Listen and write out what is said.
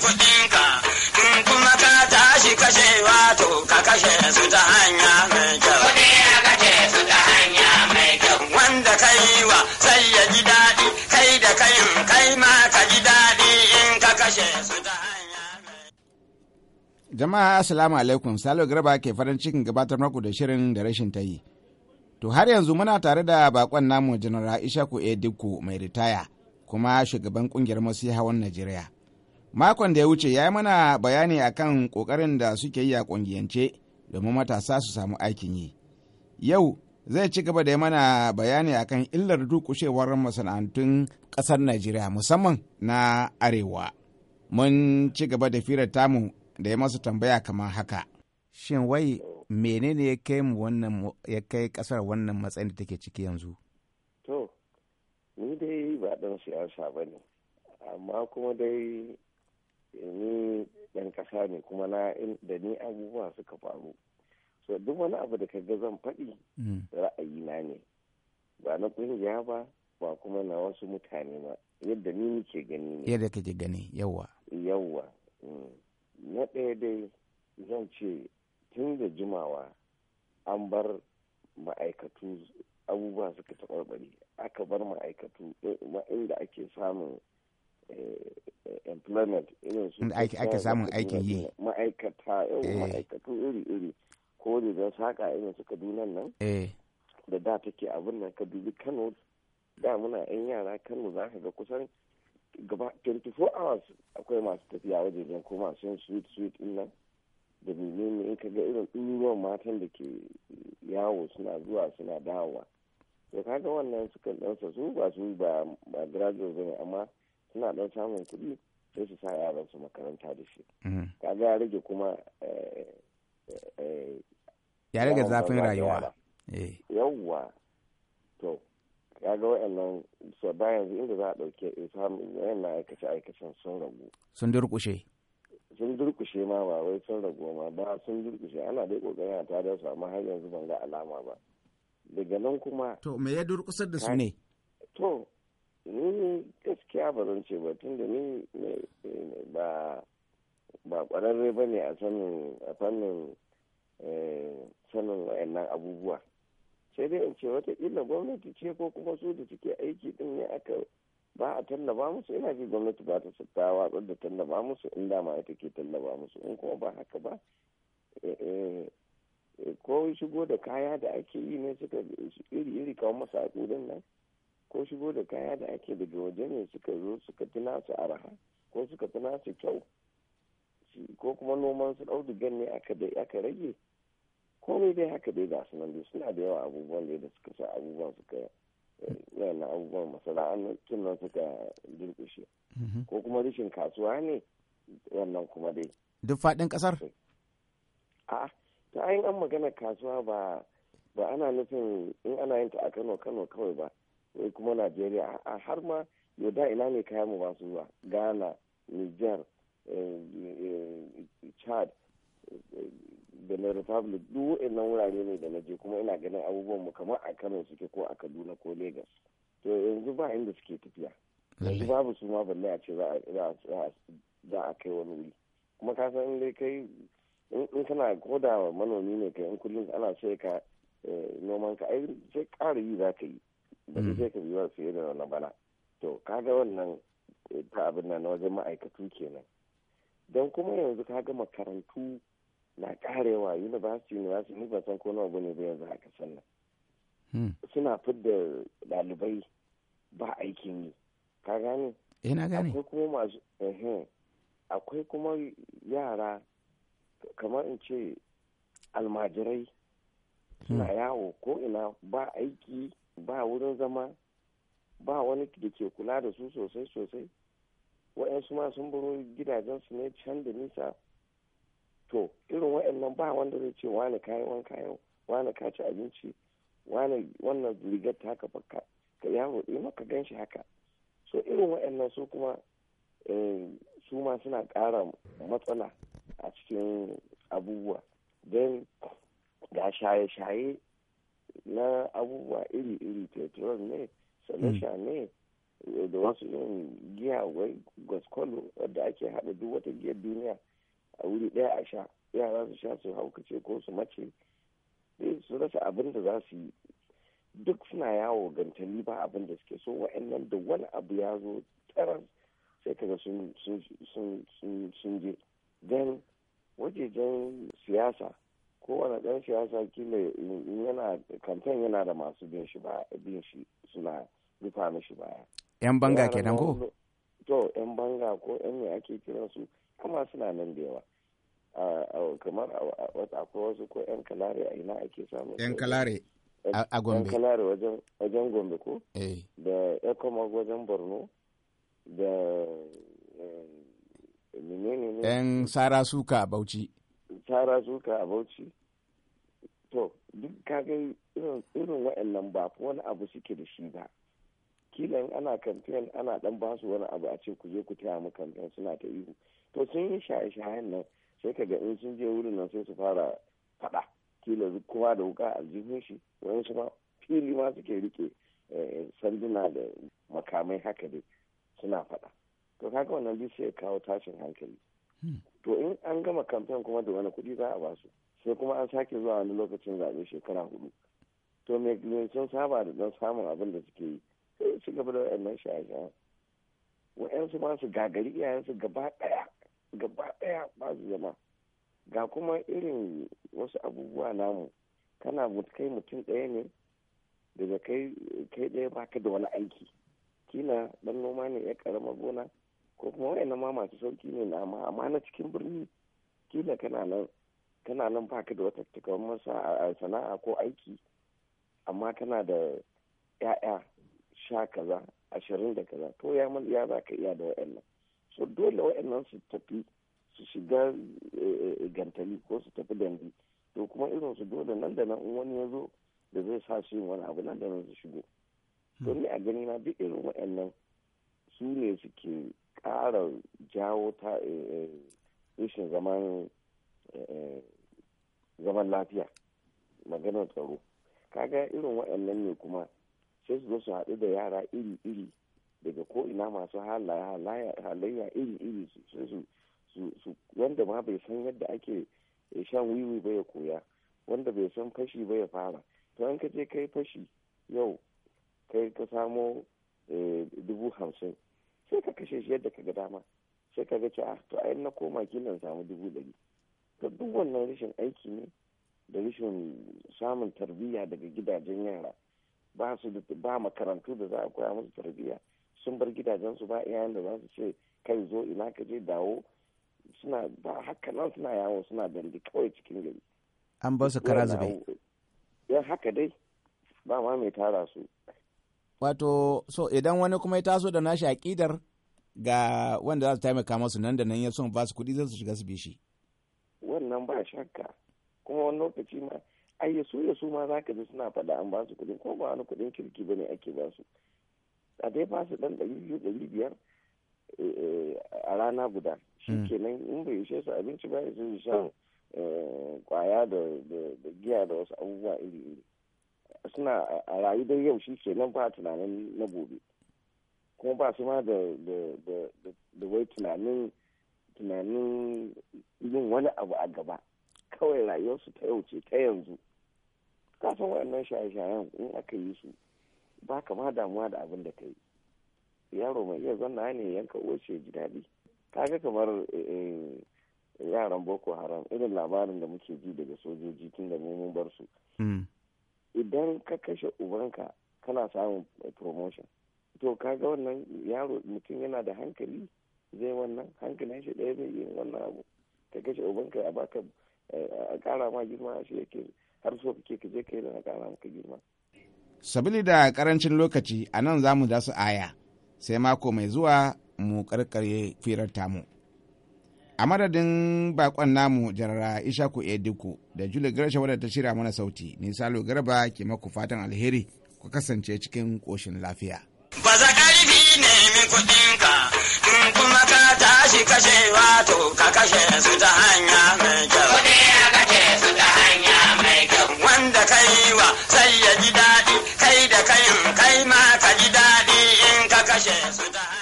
sami in kuma ka tashi kashe wato ka kashe su ta hanya mai kyau. Wanda ka yi wa sai ya ji daɗi kai da kayin kai ma ka ji daɗi in ka kashe su ta hanya Jama'a Assalamu alaikum Salo Garba ke farin cikin gabatar muku da shirin da rashin ta yi. To har yanzu muna tare da bakon namu Janar Aisha Ku Edikku mai ritaya kuma shugaban kungiyar masu hawan Najeriya. makon da ya wuce ya yi mana bayani a kan kokarin da suke yi a kungiyance domin matasa su samu aikin yi yau zai ci gaba da yi mana bayani a kan illar dukushewar masana'antun ƙasar najeriya musamman na arewa mun ci gaba da firar tamu da ya masa tambaya kamar haka shin wai menene ya kai mu wannan ya kai kasar wannan matsayin da take ciki yanzu to ni dai ba dan siyasa ba ne amma kuma dai Eh, ni ɗan ƙasa ne kuma na da ni abubuwa suka faru so duk wani abu da kaga zan faɗi mm. na ne ba na ƙungiya ba ba kuma na wasu mutane ba yadda ni nake gani ne yadda kake gani yawwa. yawwa mm. na ɗaya dai zan ce tun da jimawa an bar ma'aikatu abubuwa suka taɓarɓari aka bar ma'aikatu eh, inda ake samun employment irin su ake samun aikin yi ma'aikata eh. ma'aikatu iri-iri ko rigar saka irin su kaduna nan eh. da da take abin nan ka dubi kano da muna yan yara kano za ka ga kusan gaba 24 hours akwai masu tafiya wajen ko masu sweet sweet din nan da menene in ka ga irin ɗuruwan matan da ke yawo suna zuwa suna dawowa to kaga wannan sukan ɗansa su ba su ba graduate ne amma suna dan samun kuɗi sai su sa yaran su makaranta da shi mm. kaga ya rage kuma eh, eh, eh, ya rage zafin rayuwa yawwa to kaga wa'annan su bayan inda za a ɗauke samun wayannan aikace aikacen sun ragu sun durƙushe sun durkushe ma ba wai sun ragu ma ba sun durkushe ana dai kokarin a tada su amma har yanzu ban ga alama ba daga nan kuma to me ya durkusar da su ne to ni gaskiya ba zan ce ba tun da ni ba ba kwararre ba ne a sanin a fannin eh, sanin wayannan abubuwa sai dai in ce watakila gwamnati ce ko kuma su da suke aiki din ne aka ba a tallaba musu ina ji gwamnati ba ta ta watsar da tallaba musu in dama ita ke tallaba musu in kuma ba haka ba eh, eh, ko shigo da kaya da ake yi ne suka iri-iri kawo masu a nan ko shigo da kaya da ake daga waje ne suka zo suka fi nasu araha ko suka fi nasu kyau ko kuma noman su audugan ne aka rage komai dai haka dai ga su nan dai suna da yawa abubuwan da suka sa abubuwan suka eh, yana abubuwan masana'antun nan suka durkushe mm-hmm. ko kuma rashin kasuwa ne wannan kuma dai duk faɗin ƙasar eh. a ta yin an magana kasuwa ba ba ana nufin in ana yin ta a kano kano kawai ba Eh, kuma najeriya har ma yoda ina ne kayan mu masu zuwa ghana niger eh, eh, chad benin republic duk wa'annan wurare ne da n'aje kuma ina ganin abubuwan mu kamar a kano suke ko a kaduna ko lagos to yanzu ba inda suke tafiya yanzu babu su ma balle a ce za a kai wani wuri kuma ka san dai kai in kana koda manomi ne kai in kullum ana so ka noman ka ai sai ƙara yi za ka yi Mm. sai ka biyuwar su da na bana to kaga wannan eh, ta abin na wajen ma'aikatu kenan don kuma yanzu kaga makarantu na karewa university university ni basan san ko nawa bane ba yanzu haka sannan hmm. suna fidda ɗalibai ba aikin yi ka gane eh, na gane akwai kuma masu akwai kuma yara kamar in ce almajirai suna hmm. yawo ko ina ba aiki ba wurin zama ba wani da ke kula da su sosai sosai waɗansu ma sun buru gidajensu ne can da nisa to irin waɗannan ba wanda zai ce wani kayan wani kayan wani kaci abinci wani wannan rigar ta haka baka ka yawo ɗaya eh, maka gan shi haka so irin waɗannan su kuma eh, su ma suna ƙara matsala a cikin abubuwa don ga shaye-shaye na abubuwa iri-iri teturon ne salasha ne da wasu yin giya wai gaskolo wadda ake haɗa duk wata giyar duniya a wuri ɗaya a sha yara su sha su haukace ko su mace sai su rasa abin da za su yi duk suna yawo gantali ba abin da suke so wa'annan da wani abu ya zo tsaron sai kaga sun je don wajejen siyasa kowane ɗan siyasa kila yana kamfen yana da masu bin shi ba bin shi suna rufa mishi baya yan banga kenan ko to yan banga ko yan me ake kiran su amma suna nan da yawa kamar akwai wasu ko yan kalare a ina ake samu yan kalare a gombe yan kalare wajen gombe ko eh. da ekomog wajen borno da eh, menene ne yan sara suka bauchi tsara zuka a bauchi to duk kaga irin waɗannan ba wani abu suke da shi ba kila in ana kamfen ana dan ba su wani abu a ce ku je ku taya mu kamfen suna ta ihu to sun yi shaye-shayen nan sai ka ga in sun je wurin nan sai su fara faɗa kila kowa da wuka aljihun shi wani su ma fili ma suke rike eh, sanduna da makamai haka dai suna faɗa to kaga wannan duk sai kawo tashin hankali hmm. to in an gama kamfen kuma da wani kuɗi za a ba su sai kuma an sake zuwa wani lokacin zaɓe shekara hudu to me sun saba da don samun abin da suke yi sai su gaba da wa'annan shaye-shayen wa'yansu ma su gagari iyayensu gaba ɗaya gaba ɗaya ba su zama ga kuma irin wasu abubuwa namu kana kai mutum ɗaya ne daga kai ɗaya ba ka da wani aiki kina ɗan noma ne ya karama gona ko kuma wayannan ma masu sauki ne na amma amma na cikin birni kila kana nan kana nan baka da wata a sana'a ko aiki amma kana da ya'ya sha kaza ashirin da kaza to ya man ya za ka iya da nan so dole nan su tafi su shiga eh, eh, gantali ko su tafi dangi to kuma irin su dole nan da nan wani ya zo da zai sa su yin wani abu nan da nan su shigo don hmm. ni a gani na duk irin wayannan su ne suke ƙara jawo ta eh, eh, rashin zaman eh, zaman lafiya maganar tsaro kaga irin waɗannan ne kuma sai su zo su haɗu da yara iri-iri daga ko'ina masu halayya iri-iri su wanda ma bai san yadda ake shan wiwi ba ya koya wanda bai san fashi ba ya fara to an ka je kai fashi yau kai ka samo dubu hamsin sai ka kashe shi yadda ka ga dama sai ka ga ce ah to ai na koma na samu dubu ɗari to duk wannan rashin aiki ne da rashin samun tarbiyya daga gidajen yara ba su ba makarantu da za a koya musu tarbiyya sun bar gidajen su ba iyayen da za su ce kai zo ina ka je dawo suna ba haka nan suna yawo suna dandi kawai cikin gari an ba su kara zube yan haka dai ba ma mai tara su wato so idan wani kuma ya taso da nashi aƙidar ga wanda za su taimaka masu nan da nan ya son ba su kuɗi zai su shiga su bi wannan ba shakka kuma wani lokaci ma ai ya ya su ma za ka ji suna faɗa an ba su kuɗin ko ba wani kuɗin kirki ba ne ake ba su a dai ba su ɗan ɗari biyu ɗari biyar eh, eh, a rana guda hmm. shi kenan in bai ishe su abinci ba ya su shan kwaya da giya da wasu abubuwa iri iri suna a rayu dai yau shi nan ba tunanin na gobe kuma ba su ma da da wai tunanin tunanin yin wani abu a gaba kawai rayuwarsu ta yau ce ta yanzu kasan waɗannan shaye-shayen in aka yi su ba ka ma damuwa da abin da ka yi yaro mai iya zanna ne yanka uwace ji daɗi kaga kamar eh, eh, yaran boko haram irin labarin da muke ji daga sojoji tun da mun bar su hmm. idan ka kashe ubanka kana samun promotion to ka ga wannan yaro mutum yana da hankali zai wannan hankalin shi ɗaya zai yi wannan abu ka kashe ubanka ya baka eh, a ƙara ma girma shi yake har so kake ka je ka yi da ƙara maka girma. sabili da karancin lokaci a nan za mu su aya sai mako mai zuwa mu karkare firar tamu. a madadin bakon namu jarara ishaku ediku da juli garsha wadda ta shirya mana sauti ni salo garba ke maku fatan alheri ku kasance cikin koshin lafiya baza karfi nemi kuɗinka in kuma ka tashi kashe wato ka kashe su ta hanya mai kyau kashe su ta hanya mai kyau wanda ka yi wa sai ya ji daɗi kai da kayin kai ma ka ji daɗi in ka kashe su ta hanya